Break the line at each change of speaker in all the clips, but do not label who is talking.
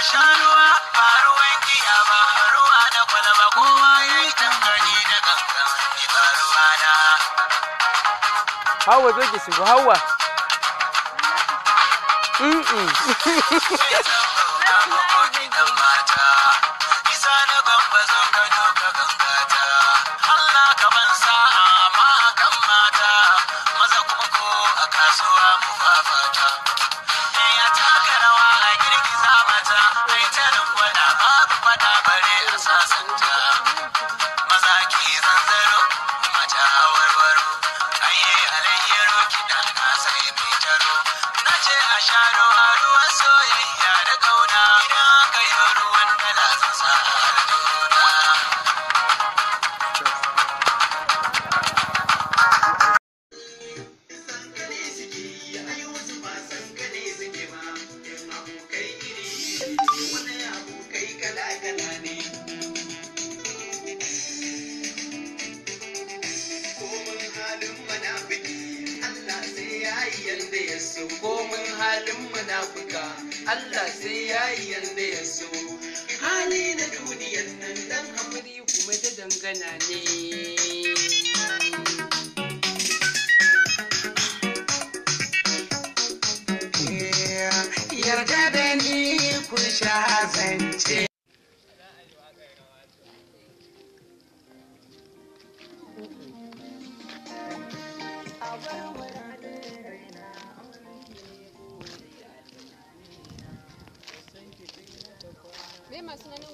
a faruwan giya ba ruwa da kwalaba kowa ya yi tangarɗi da gangan ba ruwa na. Hawa zo ki shigo Hawa. Mm-mm. halin munafuka Allah sai ya yi yanda ya so hali na duniyar nan dan amuri kuma ta dangana ne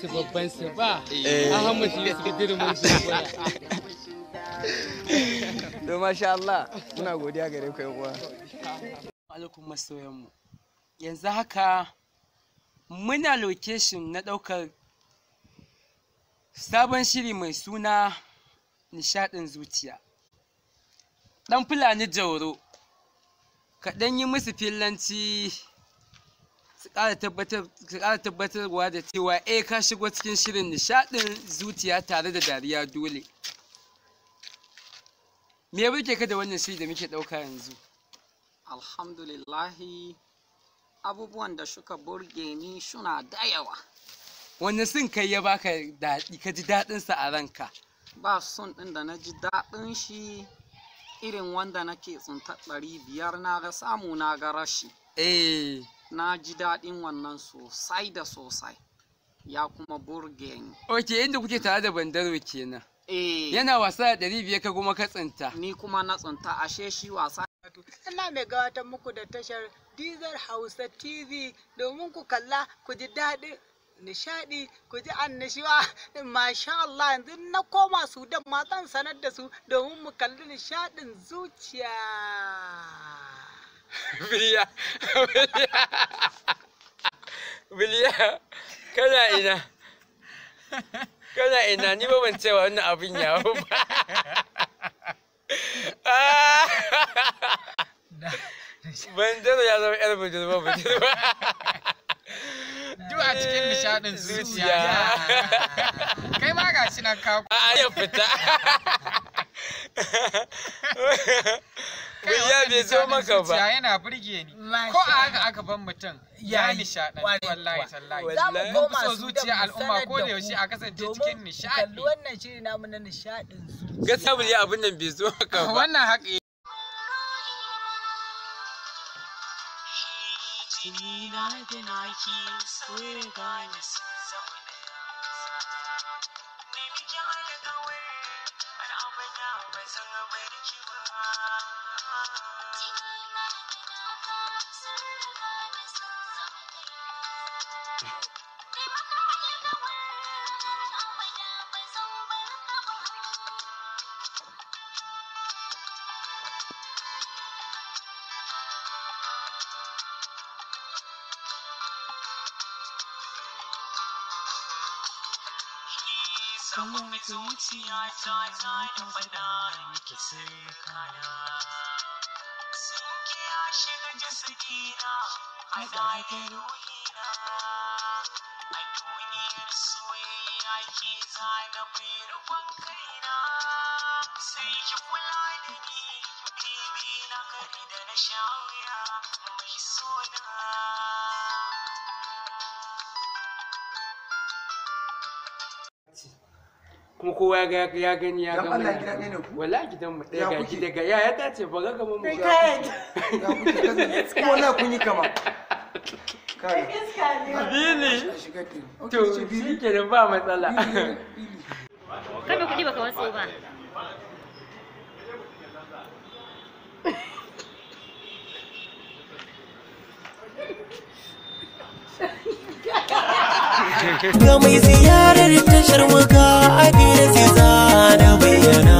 su babban su ba eh. a hannun shi ya ahmad yusuf dirman zuwa to masha Allah muna godiya gare ku uwa alaikum masoyanmu yanzu haka muna location na daukar sabon shiri mai suna nishadin zuciya dan fulani jauro kaɗan yi musu filanci su ƙara tabbatarwa da cewa a eh, ka shigo cikin shirin nishaɗin zuciya tare da dariya dole me ya burke ka da wannan shiri da muke ɗauka yanzu alhamdulillahi abubuwan da suka burge ni suna da yawa wani sun kai ya baka daɗi ka ji daɗinsa a ranka ba sun ɗin da na ji daɗin shi irin wanda nake tsuntar ɗari biyar na ga samu na ga rashi eh na ji daɗin wannan sosai da sosai ya kuma burge ni ok inda kuke tare da bandaro kenan eh yana wasa da ɗari biyar ka kuma ka tsinta ni kuma na tsinta ashe shi wasa Ina mai gabatar muku da tashar Dizar Hausa TV domin ku kalla ku ji daɗin nishaɗi ku ji annashiwa masha Allah yanzu na koma su da matan sanar da su domin mu kalli nishaɗin zuciya biliya biliya biliya kana ina kana ina ni ba ban wa, wannan abin ya ba ban jana ya zama yar bujirma bujirma duk a cikin zuciya kai ma ga shi nan ka a ya fita ya bai zo maka ba yana burge ni ko a haka aka ban mutum ya nishaɗa wallahi tallahi mun so zuciya al'umma ko da yaushe a kasance cikin nishaɗi kalli wannan shiri namu na nishaɗin zuciya gaskiya bai abin nan bai zo maka ba wannan haƙi Kimi na Kamu mi tu ti ai tai tai tung bai dai mi kese kaya. Regina, I hit heroina. a bit of one zana mai rufan kaina. Sai ki me, you ni, me. na gari da na a wuya, mai sona. kuma kowa ya ya gani ya gama Allah gida ne ku wallahi gidan mu ɗaya ga gida ga ya ya tace ba ga kaman mu kai wallahi kun yi kama kai bili to shi ke da ba matsala kame kuɗi baka wasu ba Ga mai
ziyarar tashar maka. abin sai za bayyana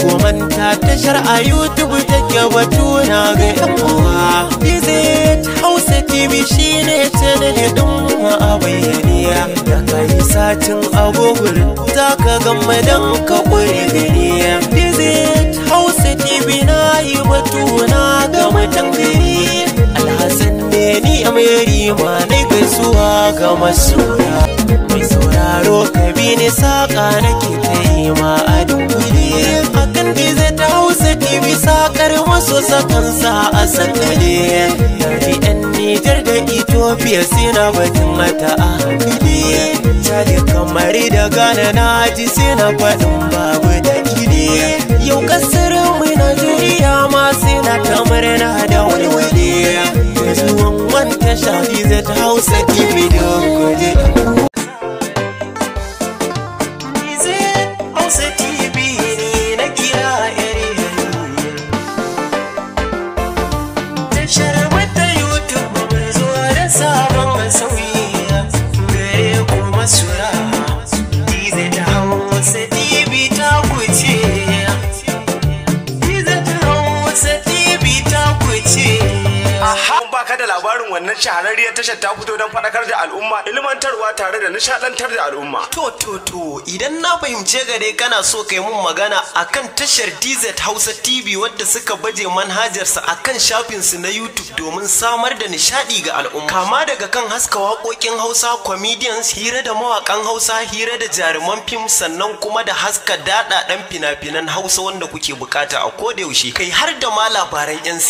Ko manta tashar a YouTube ta batu na ga yawa Visit Hausa TV shine channel din a bayyane Da kai satin a Google za ka gama dan ka kure gani Visit Hausa TV na yi batu na ga mutan gari Alhassan ne ni a rima ne gaisuwa ga masoya Mai sauraro ni saƙa nake ta yi ma a dunkule akan gizo ta hausa tv saƙar wasu sakan sa a sakale yari yan nijar da ethiopia suna batun mata a hankali ne. kamar da gane na ji suna faɗin babu da kiri yau kasar mu najeriya ma suna kamar na da walwale zuwan wanta shafi ta hausa Kada da labarin wannan shahararriyar tashar ta fito don faɗakar da al'umma ilmantarwa tare da nishaɗantar da al'umma. To to to idan na fahimce gare kana so kai mun magana akan tashar DZ Hausa TV wadda suka baje manhajarsa akan shafinsu na YouTube domin samar da nishaɗi ga al'umma. Kama daga kan haska waƙoƙin Hausa comedians hira da mawakan Hausa hira da jaruman fim sannan kuma da haska daɗaɗen fina-finan Hausa wanda kuke bukata a koda yaushe kai har da ma labaran 'yan